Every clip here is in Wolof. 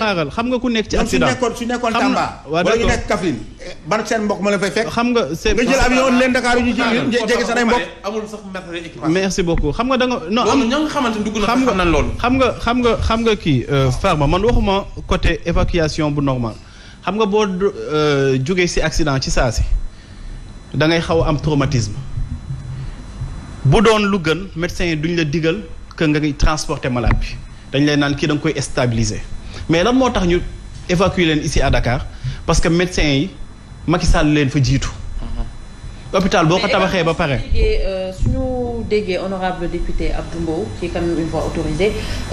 xaaral xam nga ku nekk ci accident su nekkoon nekkoon Tamba wala ñu nekk Kaffrine xam nga seen nga jël leen Dakar yu ñu ci jege sa ay mbokk amul sax matériel équipement merci beaucoup xam nga da nga non loolu ñoo ngi xamante xam nga xam nga xam nga xam nga kii euh, Farba man waxuma côté évacuation bu normal xam nga boo euh, jógee si accident ci saa si da ngay xaw am traumatisme bu doon lu gën médecin yi duñ la diggal que nga transporter malade bi dañ lay naan kii da nga koy stabiliser mais lan moo tax ñu évacuer leen ici à Dakar parce que médecin yi Macky Sall leen fa jiitu. Mm-hmm. hôpital boo ko tabaxee ba pare. Euh, déggee honorable député Abdou Mbow qui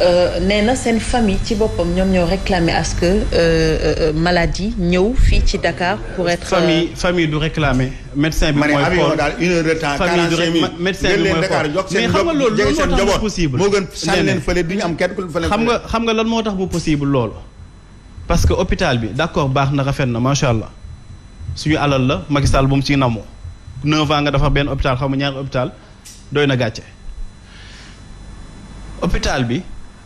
euh, nee na seen famille ci boppam ñoom ñoo réclamer à ce que euh, euh, maladie ñëw fii ci Dakar pour être. famille famille du réclamer. médecin bi mooy xool ma ne moo gën sànni leen fële du nga xam nga lan moo tax bu possible loolu. parce que hôpital bi d' accord baax na rafet na macha allah suñu alal la Macky Sall bu mu ciy namoo. 9 ans nga dafa benn hôpital xaw ma ñaari hôpital. doy na gàcce hôpital bi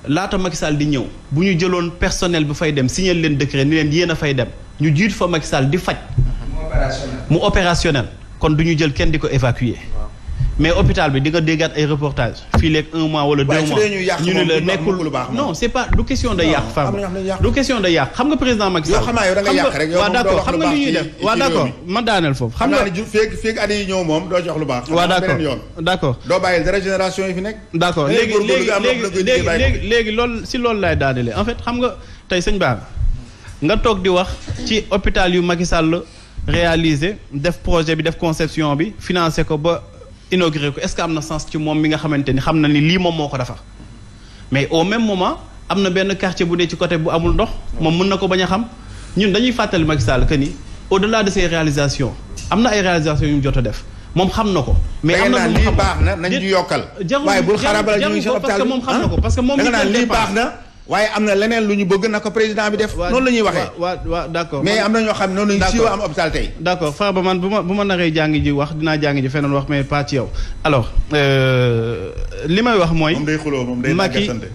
laata Macky Sall di ñëw bu ñu jëloon personnel bu fay dem signal leen décret ni leen yéen a fay dem ñu jiit fa Macky Sall di faj mu opérationnel kon du ñu jël kenn di ko évacuer mais hôpital bi di nga déggaat ay reportage fii léeg un mois wala deux mois ñu ne la nekkul non c'est pas du question de yàq far du question de yàq xam nga président Macky Sall d'accord nga ma daaneel foofu d'accord léegi léegi léegi léegi léegi si loolu laay daanelee en fait xam nga tey sëñ Ba nga toog di wax ci hôpital yu Macky Sall réalisé def projet bi def conception bi financé ko ba inauguré ko est-ce que am na sens ci moom mi nga xamante ni xam na ni lii moom moo ko defar mais au même moment am na benn quartier bu dee ci côté bu amul ndox. moom mën na ko bañ a xam ñun dañuy fàttali Macky Sall que ni au-delà de ses réalisations am na ay réalisations yu mu jot a def. moom xam na ko. mais am na lu mu xam baax na nañu yokkal. waaye bul xarabal ñu si parce que moom xam na ah? ko parce que moom. mi ngi baax na. waaye am na leneen lu ñu bëgg na ko président bi def. noonu la ñuy waxee waaw waaw d' accord. mais am na ñoo xam noonu la ñu siiw am hôpital tey. d' accord man bu ma bu ma naree jàng ji wax dina jàng ji feneen wax mais pas ci yow. alors euh, li may wax mooy. moom day xuloo moom day naggasante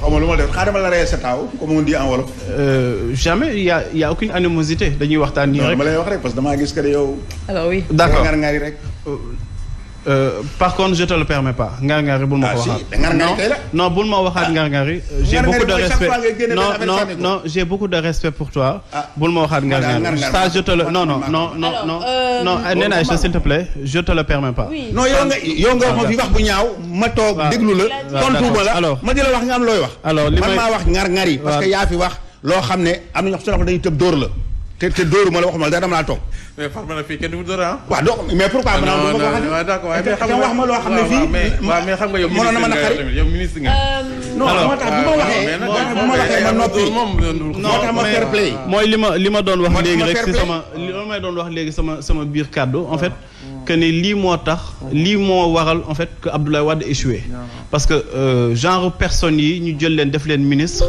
xaw ma lu ma def xaaral ma la reyee sa taaw comme on dit en wolof. Euh, jamais y' a y' a aucune animosité dañuy waxtaan nii rek. ma lay wax rek parce que damaa gis que yow. alors oui d' accord rek. Euh, Euh, par contre je te le permets pas ngar ngari bul ma ko ah, waxaat non bul ma waxaat ah. ngar ngari j'ai beaucoup de respect non non non j'ai beaucoup de respect pour toi ah. bul ma waxaat ngar ngari je te le non non non non non euh, euh, non non yow nga wax bu ñaaw ma toog déglu la tontuuma la ma di la wax nga am looy wax alors li man maa wax ngar parce que yaa fi wax loo xam ne am na ñoo xam dañuy tëb dóor la te te ma la waxuma la dama laa mais far ma ne fii kenn ah. mais mais xam nga wax ma loo xam ne fii. waaw xam nga yow euh, moo tax bu ma euh, waxee. bu moo tax ma mooy li ma li ma doon wax léegi rek si sama li ma doon wax léegi sama sama biir en fait. que ni lii moo tax lii moo waral en fait que Abdoulaye Wade échoué. parce que euh, genre personne yi ñu jël leen def leen ministre.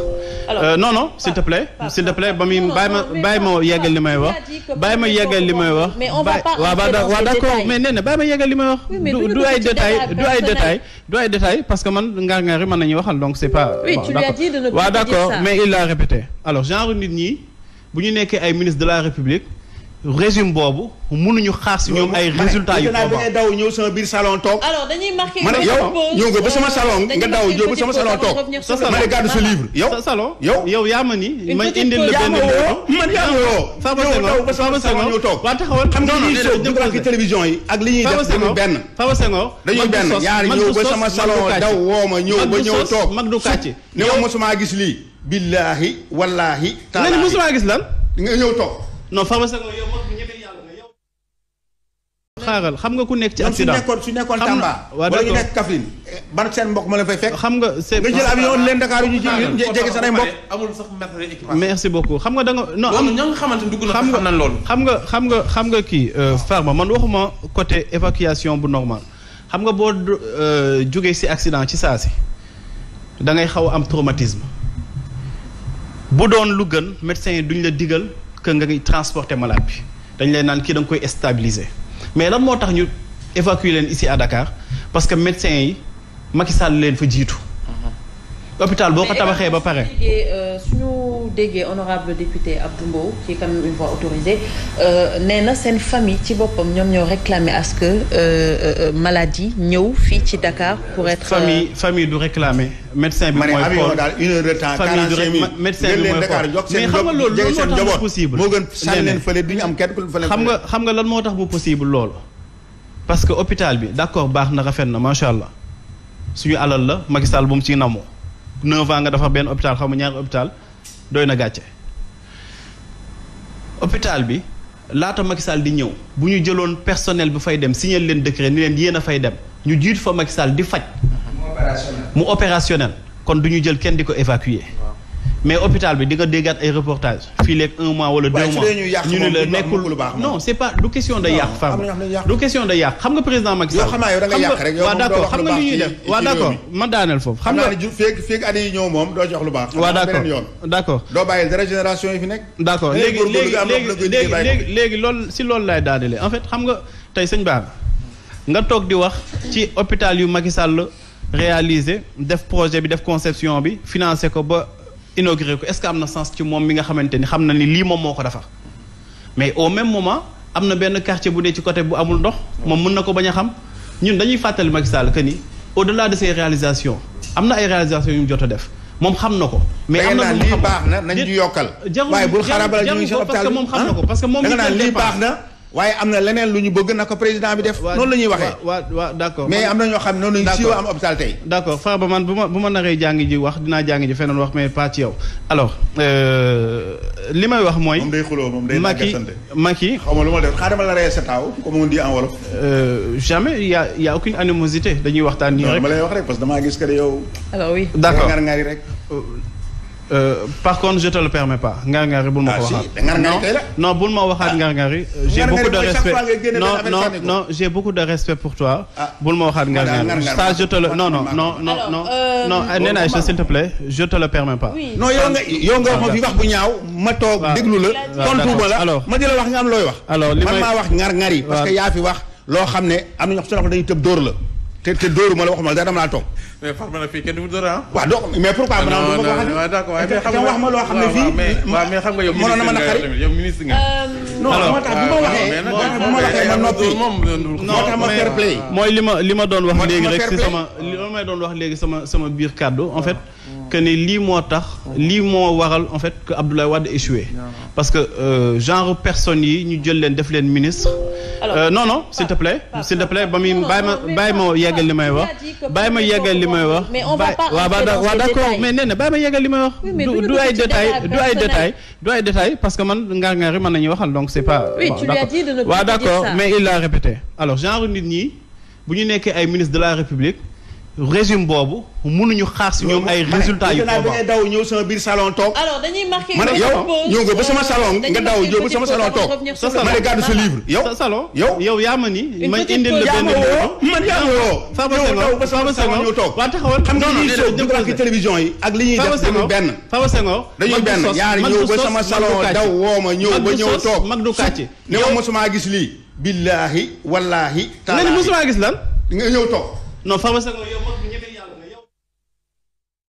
alors euh, non non s'il te plaît. s'il te plaît ba muy bàyyi ma bàyyi ma yeggal li may wax. bàyyi ma yeggal li may wax. mais on va pas d'accord mais nee na bàyyi ma yeggal li may wax. du ay détail du ay détail du ay parce que man ngar ngar yi mën nañu waxal donc c'est pas. oui tu lui as d'accord mais il l'a répété. alors genre nit ñi bu ñu nekkee ay ministre de la République. régime boobu mënuñu xaar ñoom ay résultats yu combat dangay daw ñëw sama biir salon toog. alors dañuy sa salon gàddu sa livre yow. sa salon yow yow yaa ma ni. ma indil la benn man yaa ma woo. Farba Senghor yow daw ba ñëw li ñuy def dañuy benn. Farba Senghor dañuy benn ñaar ñëw ba sama salon daw ma ñëw ba ñëw toog. mag du kàcce ne ma mosuma gis lii. billaahi wallaahi. taala nga ni mosuma gis lan. nga ñëw toog non pharmacien nga yow mag bi yàlla nga yow. xaaral xam nga ku nekk ci accident su nekkoon su nekkoon Tamba. wala ñu nekk Kaffrine ban seen mbokk ma la fay fekk. xam nga c'est nga jël avion leen Dakar ñu jege sa ay mbokk. amul merci beaucoup xam nga da nga am ñoo nga xamante dugg na xam nañ loolu. xam nga xam nga xam nga kii euh, Farma man waxuma côté évacuation bu normal xam nga boo euh, jógee si accident ci saa si dangay xaw am traumatisme bu doon lu gën médecin yi duñ la diggal que nga transporter malade bi dañ leen naan kii da nga koy stabiliser mais lan moo tax ñu évacuer leen ici à Dakar parce que médecin yi Macky Sall leen fa jiitu. Mm-hmm. hôpital boo ko tabaxee ba pare. Euh, déggee honorable député Abdou Mbow qui est quand euh, nee na seen famille ci boppam ñoom ñoo réclamer à ce que euh, euh, maladie ñëw fii ci Dakar pour être. famille famille du réclamer. médecin bi mooy xool daal une heure de temps. famille du rek médecin bi mooy mais xam nga lan moo tax bu possible. moo gën sànni leen fële du ñu parce que hôpital bi d'accord baax na rafet na macha allah suñu alal la Macky Sall bu mu ciy namoo. neuf ans nga defar benn hôpital xaw ma ñaari hôpital doy na gàcce hôpital bi laata Macky Sall di ñëw bu ñu jëloon personnel bu fay dem signé leen décret ni leen yéen a fay dem ñu jiitu fa Macky Sall di faj mu opérationnel kon du ñu jël kenn di ko évacuer mais hôpital bi di nga déggaat ay reportage fii un mois wala deux mois ñu ne la nekkul non c'est pas du question de yàq far du question de yàq xam nga président Macky Sall d'accord ma daaneel foofu xam nga feeg feeg baax si loolu laay daanelee en fait xam nga toog di wax ci hôpital yu Macky Sall réalisé def projet bi def conception bi financé ko ba inauguré ko est-ce que am na sens ci moom mi nga xamante ni xam na ni lii moom moo ko defar mais au même moment am na benn quartier bu dee ci côté bu amul ndox. moom mën na ko bañ a xam ñun dañuy fàttali Macky Sall que ni au-delà de ses réalisations am na ay réalisations yu mu jot a def moom xam na ko. mais am na lu mu xam baax na nañ yokkal. waaye bul xarabal ñu ngi si hôpital moom xam na ah? ko parce que moom. da nga naan lii baax na. waaye am na leneen lu ñu bëgg na ko président bi def. noonu la ñuy wa waaw waaw d' mais am na ñoo xam ne noonu la ñu siiwoo am hôpital tey. d' accord Farba man bu ma bu ma naree ji wax dinaa jàngi ji feneen wax mais pas ci yow alors euh, li may wax mooy. moom day xuloo moom day naggasante xaw ma lu ma def xaaral ma la ree sa taaw comme on dit en wolof. Euh, jamais y' a y' a aucune animosité dañuy waxtaan nii rek. non wax rek parce que damaa gis que yow. alors oui d' rek. Euh, Euh, par contre je te le permets pas ngar ngari bul ma ko ah, waxaat non bul ma waxaat ah. ngar ngari euh, j'ai beaucoup de respect non non non j'ai beaucoup de respect pour toi ah. bul ma waxaat ngar ngari ça je te le non non non non non euh, non nee naa s'il te plaît je te le permets pas non yow nga yow nga wax ma fi wax bu ñaaw ma toog déglu la tontu ma la ma di la wax nga am looy wax alors li man parce que yaa fi wax loo xam ne am na ñoo xam dañuy tëb dóor la te te dóoru ma la waxuma dara dama laa toog. mais far ma ne fii kenn du dóor ah. waaw donc mais pourquoi ma naan ah, du ma ko waxati. d'accord waaye xam nga wax ma loo xam ne xam nga yow ministre euh, moo ah, ah. mooy li ma li ma doon wax léegi rek sama li ma doon wax léegi sama sama biir kàddu en fait. que lii moo tax lii moo waral en fait que Abdoulaye Wade échoué parce que euh, genre personne yi ñu jël leen def leen ministre euh, non non s'il te plaît s'il te plaît ba muy bàyyi ma bàyyi ma yeggal li may wax baay ma yeggal li may wax waaw waaw d'accord mais nee na bàyyi ma yeggal li may wax du ay détail du ay détail du ay parce que man ngaar ngaar yi mën nañuy waxal donc c'est pas waa d'accord mais il l'a répété genre nit ñi bu ñu nekkee ay ministre de la République régime boobu mënuñu xaar si ñoom ay résultats yu boobu dangay daw ñëw sama biir salon toog. alors dañuy ma ne yow sa euh, salon ma gàddu sa livre yow. sa salon yow yow yaa ma ni. ma indil la benn livre man yaa ma woo. Farba Senghor ba sama salon ñëw toog. waa taxawal xam nga li ñuy soog dugg ak télévision yi ak li ñuy def dañuy benn. Farba Senghor dañuy benn yaar ñëw ba sama salon daw woo ma ñëw ba ñëw toog. mag du kàcce ne ma mosuma gis lii. billaahi wallaahi. taala nga ni mosuma gis lan nga ñëw toog non pharmacien